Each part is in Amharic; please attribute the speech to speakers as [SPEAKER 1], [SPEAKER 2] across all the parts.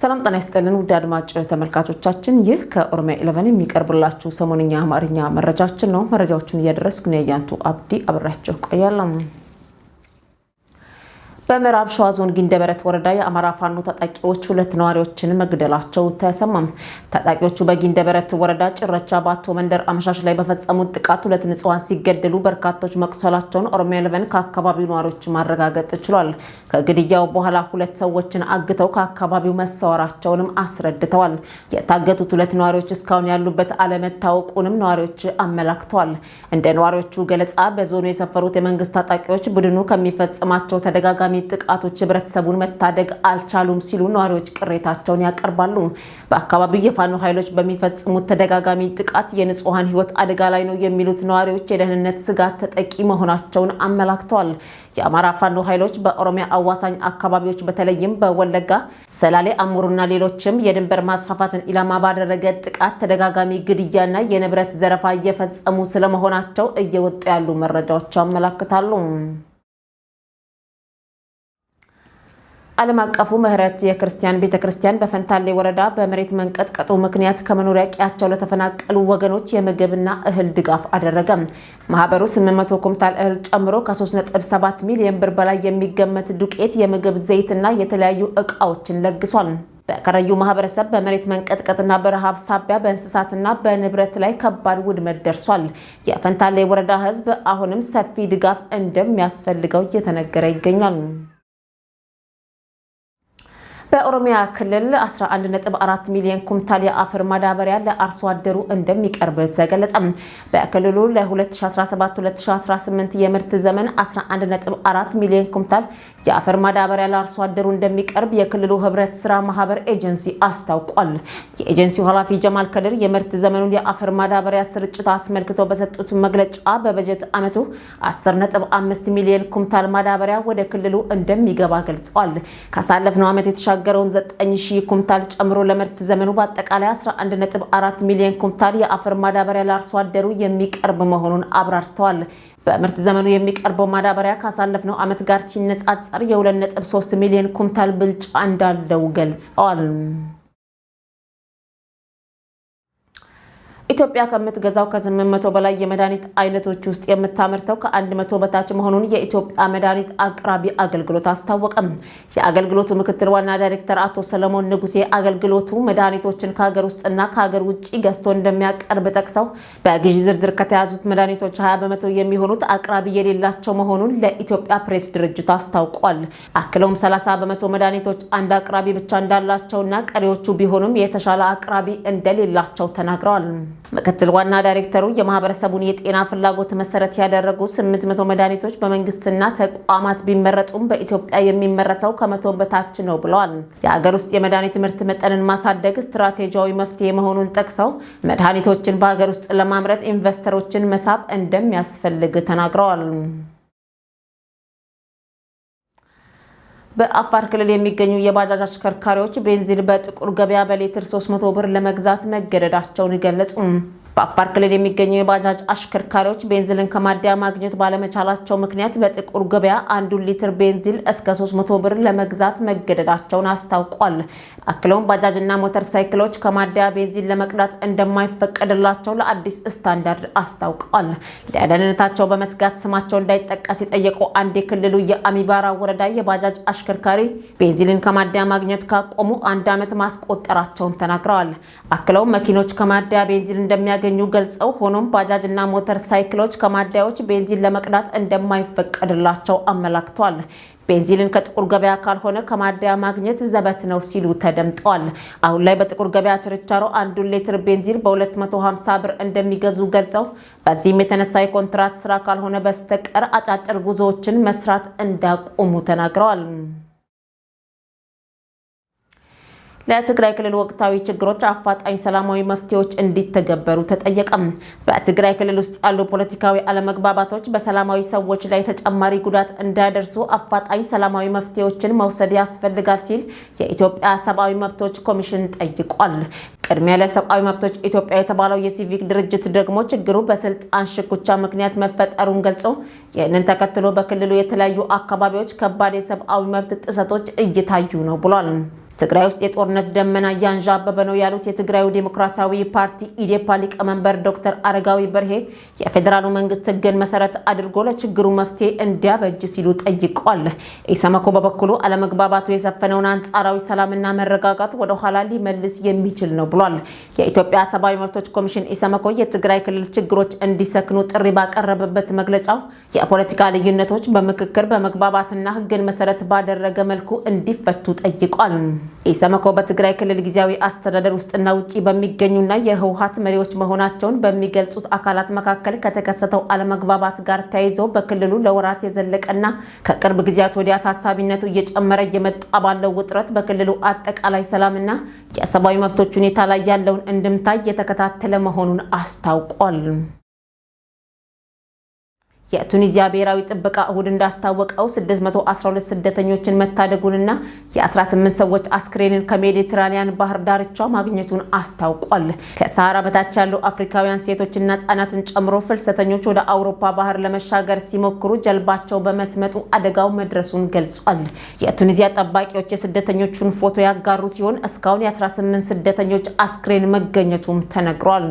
[SPEAKER 1] ሰላም ጤና ይስጥልን ውድ አድማጭ ተመልካቾቻችን፣ ይህ ከኦሮሚያ ኤለቨን የሚቀርብላችሁ ሰሞንኛ አማርኛ መረጃችን ነው። መረጃዎቹን እያደረስኩ እኔ አብዲ አብሬያቸው ቆያለሁ። በምዕራብ ሸዋ ዞን ጊንደበረት ወረዳ የአማራ ፋኖ ታጣቂዎች ሁለት ነዋሪዎችን መግደላቸው ተሰማም። ታጣቂዎቹ በጊንደበረት ወረዳ ጭረቻ ባቶ መንደር አመሻሽ ላይ በፈጸሙት ጥቃት ሁለት ንጹሐን ሲገደሉ በርካቶች መቁሰላቸውን ኦሮሚያ ሌቨን ከአካባቢው ነዋሪዎች ማረጋገጥ ችሏል። ከግድያው በኋላ ሁለት ሰዎችን አግተው ከአካባቢው መሰወራቸውንም አስረድተዋል። የታገቱት ሁለት ነዋሪዎች እስካሁን ያሉበት አለመታወቁንም ነዋሪዎች አመላክተዋል። እንደ ነዋሪዎቹ ገለጻ በዞኑ የሰፈሩት የመንግስት ታጣቂዎች ቡድኑ ከሚፈጽማቸው ተደጋጋሚ አልሚት ጥቃቶች ህብረተሰቡን መታደግ አልቻሉም ሲሉ ነዋሪዎች ቅሬታቸውን ያቀርባሉ። በአካባቢው የፋኖ ኃይሎች በሚፈጽሙት ተደጋጋሚ ጥቃት የንጹሐን ህይወት አደጋ ላይ ነው የሚሉት ነዋሪዎች የደህንነት ስጋት ተጠቂ መሆናቸውን አመላክተዋል። የአማራ ፋኖ ኃይሎች በኦሮሚያ አዋሳኝ አካባቢዎች በተለይም በወለጋ ሰላሌ፣ አሙሩና ሌሎችም የድንበር ማስፋፋትን ኢላማ ባደረገ ጥቃት ተደጋጋሚ ግድያና የንብረት ዘረፋ እየፈጸሙ ስለመሆናቸው እየወጡ ያሉ መረጃዎች አመላክታሉ። ዓለም አቀፉ ምህረት የክርስቲያን ቤተ ክርስቲያን በፈንታሌ ወረዳ በመሬት መንቀጥቀጡ ምክንያት ከመኖሪያ ቀያቸው ለተፈናቀሉ ወገኖች የምግብና እህል ድጋፍ አደረገ። ማህበሩ 800 ኩንታል እህል ጨምሮ ከ3.7 ሚሊዮን ብር በላይ የሚገመት ዱቄት፣ የምግብ ዘይት እና የተለያዩ እቃዎችን ለግሷል። በቀረዩ ማህበረሰብ በመሬት መንቀጥቀጥና በረሃብ ሳቢያ በእንስሳትና በንብረት ላይ ከባድ ውድመት ደርሷል። የፈንታሌ ወረዳ ሕዝብ አሁንም ሰፊ ድጋፍ እንደሚያስፈልገው እየተነገረ ይገኛል። በኦሮሚያ ክልል 11.4 ሚሊዮን ኩንታል የአፈር ማዳበሪያ ለአርሶ አደሩ እንደሚቀርብ ተገለጸ። በክልሉ ለ2017-2018 የምርት ዘመን 11.4 ሚሊዮን ኩንታል የአፈር ማዳበሪያ ለአርሶ አደሩ እንደሚቀርብ የክልሉ ህብረት ስራ ማህበር ኤጀንሲ አስታውቋል። የኤጀንሲው ኃላፊ ጀማል ከድር የምርት ዘመኑን የአፈር ማዳበሪያ ስርጭት አስመልክቶ በሰጡት መግለጫ በበጀት ዓመቱ 10.5 ሚሊዮን ኩንታል ማዳበሪያ ወደ ክልሉ እንደሚገባ ገልጸዋል። ካሳለፍነው ዓመት የተሻ የተሻገረውን 9000 ኩንታል ጨምሮ ለምርት ዘመኑ በአጠቃላይ 11.4 ሚሊዮን ኩንታል የአፈር ማዳበሪያ ለአርሶ አደሩ የሚቀርብ መሆኑን አብራርተዋል። በምርት ዘመኑ የሚቀርበው ማዳበሪያ ካሳለፍነው ዓመት ጋር ሲነጻጸር የ2.3 ሚሊዮን ኩንታል ብልጫ እንዳለው ገልጸዋል። ኢትዮጵያ ከምትገዛው ከ800 በላይ የመድኃኒት አይነቶች ውስጥ የምታመርተው ከ100 በታች መሆኑን የኢትዮጵያ መድኃኒት አቅራቢ አገልግሎት አስታወቀም። የአገልግሎቱ ምክትል ዋና ዳይሬክተር አቶ ሰለሞን ንጉሴ አገልግሎቱ መድኃኒቶችን ከሀገር ውስጥና ከሀገር ውጭ ገዝቶ እንደሚያቀርብ ጠቅሰው በግዢ ዝርዝር ከተያዙት መድኃኒቶች 20 በመቶ የሚሆኑት አቅራቢ የሌላቸው መሆኑን ለኢትዮጵያ ፕሬስ ድርጅት አስታውቋል። አክለውም 30 በመቶ መድኃኒቶች አንድ አቅራቢ ብቻ እንዳላቸውና ቀሪዎቹ ቢሆኑም የተሻለ አቅራቢ እንደሌላቸው ተናግረዋል። ምክትል ዋና ዳይሬክተሩ የማህበረሰቡን የጤና ፍላጎት መሰረት ያደረጉ 800 መድኃኒቶች በመንግስትና ተቋማት ቢመረጡም በኢትዮጵያ የሚመረተው ከመቶ በታች ነው ብለዋል። የሀገር ውስጥ የመድኃኒት ምርት መጠንን ማሳደግ ስትራቴጂያዊ መፍትሄ መሆኑን ጠቅሰው መድኃኒቶችን በሀገር ውስጥ ለማምረት ኢንቨስተሮችን መሳብ እንደሚያስፈልግ ተናግረዋል። በአፋር ክልል የሚገኙ የባጃጅ አሽከርካሪዎች ቤንዚን በጥቁር ገበያ በሊትር 300 ብር ለመግዛት መገደዳቸውን ገለጹ። በአፋር ክልል የሚገኙ የባጃጅ አሽከርካሪዎች ቤንዚልን ከማደያ ማግኘት ባለመቻላቸው ምክንያት በጥቁር ገበያ አንዱን ሊትር ቤንዚል እስከ 300 ብር ለመግዛት መገደዳቸውን አስታውቋል። አክለውም ባጃጅና ሞተር ሳይክሎች ከማደያ ቤንዚን ለመቅዳት እንደማይፈቀድላቸው ለአዲስ ስታንዳርድ አስታውቀዋል። ለደህንነታቸው በመስጋት ስማቸው እንዳይጠቀስ የጠየቁ አንድ የክልሉ የአሚባራ ወረዳ የባጃጅ አሽከርካሪ ቤንዚልን ከማደያ ማግኘት ካቆሙ አንድ ዓመት ማስቆጠራቸውን ተናግረዋል። አክለውም መኪኖች ከማደያ ቤንዚል እንደሚያ እንደሚያገኙ ገልጸው ሆኖም ባጃጅ እና ሞተር ሳይክሎች ከማደያዎች ቤንዚን ለመቅዳት እንደማይፈቀድላቸው አመላክቷል። ቤንዚንን ከጥቁር ገበያ ካልሆነ ከማደያ ማግኘት ዘበት ነው ሲሉ ተደምጠዋል። አሁን ላይ በጥቁር ገበያ ችርቻሮ አንዱን ሌትር ቤንዚን በ250 ብር እንደሚገዙ ገልጸው በዚህም የተነሳ የኮንትራት ስራ ካልሆነ በስተቀር አጫጭር ጉዞዎችን መስራት እንዳቆሙ ተናግረዋል። ለትግራይ ክልል ወቅታዊ ችግሮች አፋጣኝ ሰላማዊ መፍትሄዎች እንዲተገበሩ ተጠየቀም። በትግራይ ክልል ውስጥ ያሉ ፖለቲካዊ አለመግባባቶች በሰላማዊ ሰዎች ላይ ተጨማሪ ጉዳት እንዳያደርሱ አፋጣኝ ሰላማዊ መፍትሄዎችን መውሰድ ያስፈልጋል ሲል የኢትዮጵያ ሰብአዊ መብቶች ኮሚሽን ጠይቋል። ቅድሚያ ለሰብአዊ መብቶች ኢትዮጵያ የተባለው የሲቪክ ድርጅት ደግሞ ችግሩ በስልጣን ሽኩቻ ምክንያት መፈጠሩን ገልጾ ይህንን ተከትሎ በክልሉ የተለያዩ አካባቢዎች ከባድ የሰብአዊ መብት ጥሰቶች እየታዩ ነው ብሏል። ትግራይ ውስጥ የጦርነት ደመና እያንዣበበ ነው ያሉት የትግራዩ ዴሞክራሲያዊ ፓርቲ ኢዴፓ ሊቀመንበር ዶክተር አረጋዊ በርሄ የፌዴራሉ መንግስት ህግን መሰረት አድርጎ ለችግሩ መፍትሄ እንዲያበጅ ሲሉ ጠይቋል። ኢሰመኮ በበኩሉ አለመግባባቱ የሰፈነውን አንጻራዊ ሰላምና መረጋጋት ወደኋላ ሊመልስ የሚችል ነው ብሏል። የኢትዮጵያ ሰብአዊ መብቶች ኮሚሽን ኢሰመኮ የትግራይ ክልል ችግሮች እንዲሰክኑ ጥሪ ባቀረበበት መግለጫው የፖለቲካ ልዩነቶች በምክክር በመግባባትና ህግን መሰረት ባደረገ መልኩ እንዲፈቱ ጠይቋል። ኢሰመኮ በትግራይ ክልል ጊዜያዊ አስተዳደር ውስጥና ውጪ በሚገኙና የህወሀት መሪዎች መሆናቸውን በሚገልጹት አካላት መካከል ከተከሰተው አለመግባባት ጋር ተያይዞ በክልሉ ለወራት የዘለቀና ከቅርብ ጊዜያት ወዲያ አሳሳቢነቱ እየጨመረ እየመጣ ባለው ውጥረት በክልሉ አጠቃላይ ሰላምና የሰብአዊ መብቶች ሁኔታ ላይ ያለውን እንድምታ እየተከታተለ መሆኑን አስታውቋል። የቱኒዚያ ብሔራዊ ጥበቃ እሁድ እንዳስታወቀው 612 ስደተኞችን መታደጉንና የ18 ሰዎች አስክሬንን ከሜዲትራኒያን ባህር ዳርቻ ማግኘቱን አስታውቋል። ከሳራ በታች ያሉ አፍሪካውያን ሴቶችና ህጻናትን ጨምሮ ፍልሰተኞች ወደ አውሮፓ ባህር ለመሻገር ሲሞክሩ ጀልባቸው በመስመጡ አደጋው መድረሱን ገልጿል። የቱኒዚያ ጠባቂዎች የስደተኞቹን ፎቶ ያጋሩ ሲሆን እስካሁን የ18 ስደተኞች አስክሬን መገኘቱም ተነግሯል።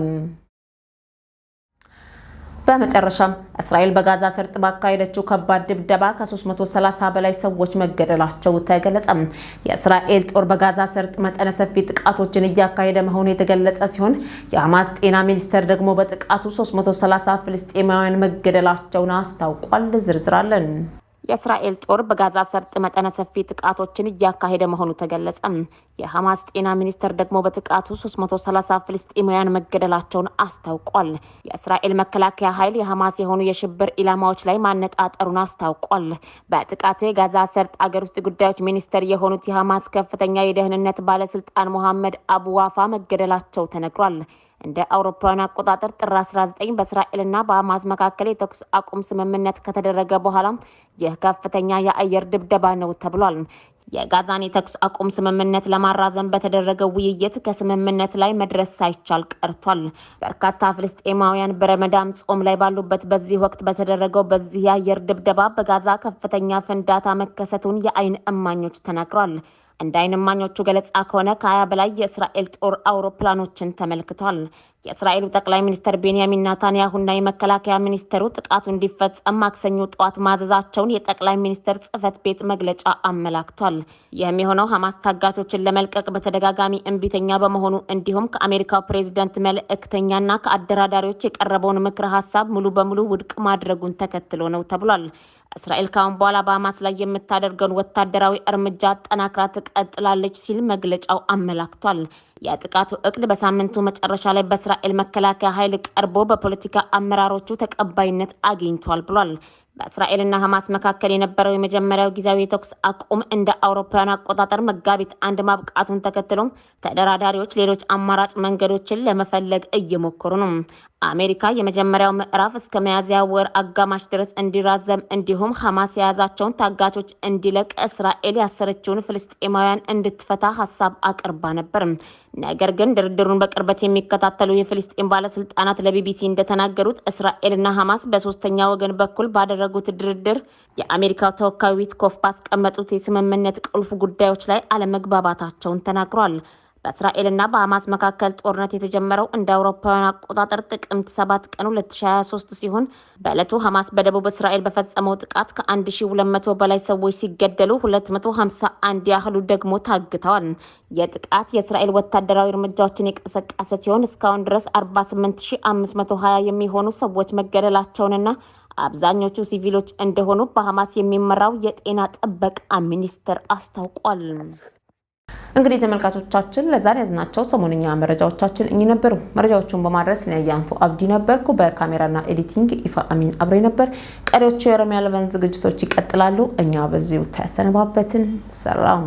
[SPEAKER 1] በመጨረሻም እስራኤል በጋዛ ሰርጥ ባካሄደችው ከባድ ድብደባ ከ330 በላይ ሰዎች መገደላቸው ተገለጸ። የእስራኤል ጦር በጋዛ ሰርጥ መጠነ ሰፊ ጥቃቶችን እያካሄደ መሆኑ የተገለጸ ሲሆን የሐማስ ጤና ሚኒስቴር ደግሞ በጥቃቱ 330 ፍልስጤማውያን መገደላቸውን አስታውቋል። ዝርዝራለን የእስራኤል ጦር በጋዛ ሰርጥ መጠነ ሰፊ ጥቃቶችን እያካሄደ መሆኑ ተገለጸ። የሐማስ ጤና ሚኒስቴር ደግሞ በጥቃቱ 330 ፍልስጤማውያን መገደላቸውን አስታውቋል። የእስራኤል መከላከያ ኃይል የሐማስ የሆኑ የሽብር ኢላማዎች ላይ ማነጣጠሩን አስታውቋል። በጥቃቱ የጋዛ ሰርጥ አገር ውስጥ ጉዳዮች ሚኒስቴር የሆኑት የሐማስ ከፍተኛ የደህንነት ባለስልጣን ሞሐመድ አቡዋፋ መገደላቸው ተነግሯል። እንደ አውሮፓውያን አቆጣጠር ጥር 19 በእስራኤልና በሀማስ መካከል የተኩስ አቁም ስምምነት ከተደረገ በኋላ ይህ ከፍተኛ የአየር ድብደባ ነው ተብሏል። የጋዛን የተኩስ አቁም ስምምነት ለማራዘም በተደረገው ውይይት ከስምምነት ላይ መድረስ ሳይቻል ቀርቷል። በርካታ ፍልስጤማውያን በረመዳን ጾም ላይ ባሉበት በዚህ ወቅት በተደረገው በዚህ የአየር ድብደባ በጋዛ ከፍተኛ ፍንዳታ መከሰቱን የአይን እማኞች ተናግሯል። እንደ አይንማኞቹ ገለጻ ከሆነ ከሀያ በላይ የእስራኤል ጦር አውሮፕላኖችን ተመልክቷል። የእስራኤሉ ጠቅላይ ሚኒስትር ቤንያሚን ናታንያሁና የመከላከያ ሚኒስትሩ ጥቃቱ እንዲፈጸም ማክሰኞ ጠዋት ማዘዛቸውን የጠቅላይ ሚኒስትር ጽህፈት ቤት መግለጫ አመላክቷል። ይህም የሆነው ሐማስ ታጋቾችን ለመልቀቅ በተደጋጋሚ እምቢተኛ በመሆኑ እንዲሁም ከአሜሪካው ፕሬዚደንት መልእክተኛና ከአደራዳሪዎች የቀረበውን ምክረ ሀሳብ ሙሉ በሙሉ ውድቅ ማድረጉን ተከትሎ ነው ተብሏል። እስራኤል ካሁን በኋላ በሐማስ ላይ የምታደርገውን ወታደራዊ እርምጃ አጠናክራ ትቀጥላለች ሲል መግለጫው አመላክቷል። የጥቃቱ እቅድ በሳምንቱ መጨረሻ ላይ በእስራኤል መከላከያ ኃይል ቀርቦ በፖለቲካ አመራሮቹ ተቀባይነት አግኝቷል ብሏል። በእስራኤልና ሐማስ መካከል የነበረው የመጀመሪያው ጊዜያዊ የተኩስ አቁም እንደ አውሮፓውያን አቆጣጠር መጋቢት አንድ ማብቃቱን ተከትሎም ተደራዳሪዎች ሌሎች አማራጭ መንገዶችን ለመፈለግ እየሞከሩ ነው። አሜሪካ የመጀመሪያው ምዕራፍ እስከ መያዝያ ወር አጋማሽ ድረስ እንዲራዘም እንዲሁም ሐማስ የያዛቸውን ታጋቾች እንዲለቅ፣ እስራኤል ያሰረችውን ፍልስጤማውያን እንድትፈታ ሀሳብ አቅርባ ነበር። ነገር ግን ድርድሩን በቅርበት የሚከታተሉ የፍልስጤም ባለስልጣናት ለቢቢሲ እንደተናገሩት እስራኤልና ሐማስ በሶስተኛ ወገን በኩል ባደረጉ ባደረጉት ድርድር የአሜሪካው ተወካይ ዊትኮፍ ባስቀመጡት የስምምነት ቁልፍ ጉዳዮች ላይ አለመግባባታቸውን ተናግሯል። በእስራኤልና በሐማስ መካከል ጦርነት የተጀመረው እንደ አውሮፓውያን አቆጣጠር ጥቅምት 7 ቀን 2023 ሲሆን በዕለቱ ሐማስ በደቡብ እስራኤል በፈጸመው ጥቃት ከ1200 በላይ ሰዎች ሲገደሉ 251 ያህሉ ደግሞ ታግተዋል። የጥቃት የእስራኤል ወታደራዊ እርምጃዎችን የቀሰቀሰ ሲሆን እስካሁን ድረስ 48520 የሚሆኑ ሰዎች መገደላቸውንና አብዛኞቹ ሲቪሎች እንደሆኑ በሐማስ የሚመራው የጤና ጥበቃ ሚኒስቴር አስታውቋል። እንግዲህ ተመልካቾቻችን ለዛሬ ያዝናቸው ሰሞንኛ መረጃዎቻችን እኚህ ነበሩ። መረጃዎቹን በማድረስ ኒያያንቱ አብዲ ነበርኩ። በካሜራና ኤዲቲንግ ኢፋ አሚን አብሬ ነበር። ቀሪዎቹ የኦሮሚያ ለበን ዝግጅቶች ይቀጥላሉ። እኛ በዚሁ ተሰነባበትን። ሰላም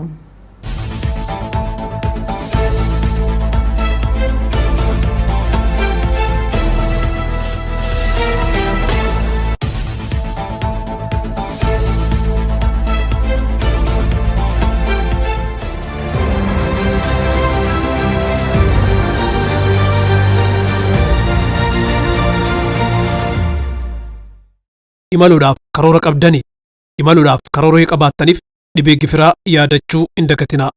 [SPEAKER 2] imaluudhaaf karoora qabdani. Imaluudhaaf karooree qabaattaniif dhibee gifiraa yaadachuu hin dagatina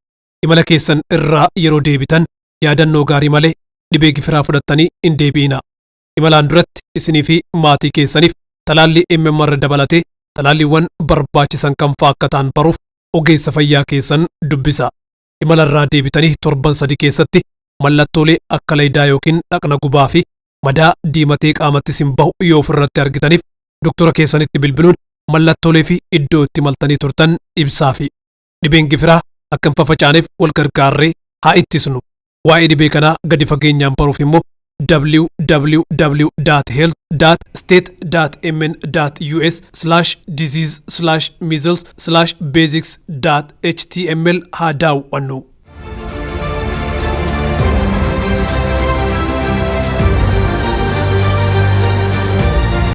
[SPEAKER 2] Imala keessan irraa yeroo deebitan yaadannoo gaarii malee dhibee gifiraa fudhattanii hin deebi'ina. Imalaan duratti isinii fi maatii keessaniif talaalli eemmamarra dabalatee talaalliiwwan barbaachisan kan faakkataan baruuf ogeessa fayyaa keessan dubbisa. imala irraa deebitanii torban sadii keessatti mallattoolee akka laydaa yookiin dhaqna gubaa fi madaa diimatee qaamatti sin bahu yoo ofirratti argitaniif doktora keessanitti bilbiluun mallattoolee fi iddoo itti maltanii turtan ibsaafi dhibeen gifiraa akka hin fafacaaneef wal gargaarree haa ittisnu. Waa'ee dhibee kanaa gadi fageenyaan baruuf immoo www.health.state.mn.us/disease/measles/basics.html haa daawwannu.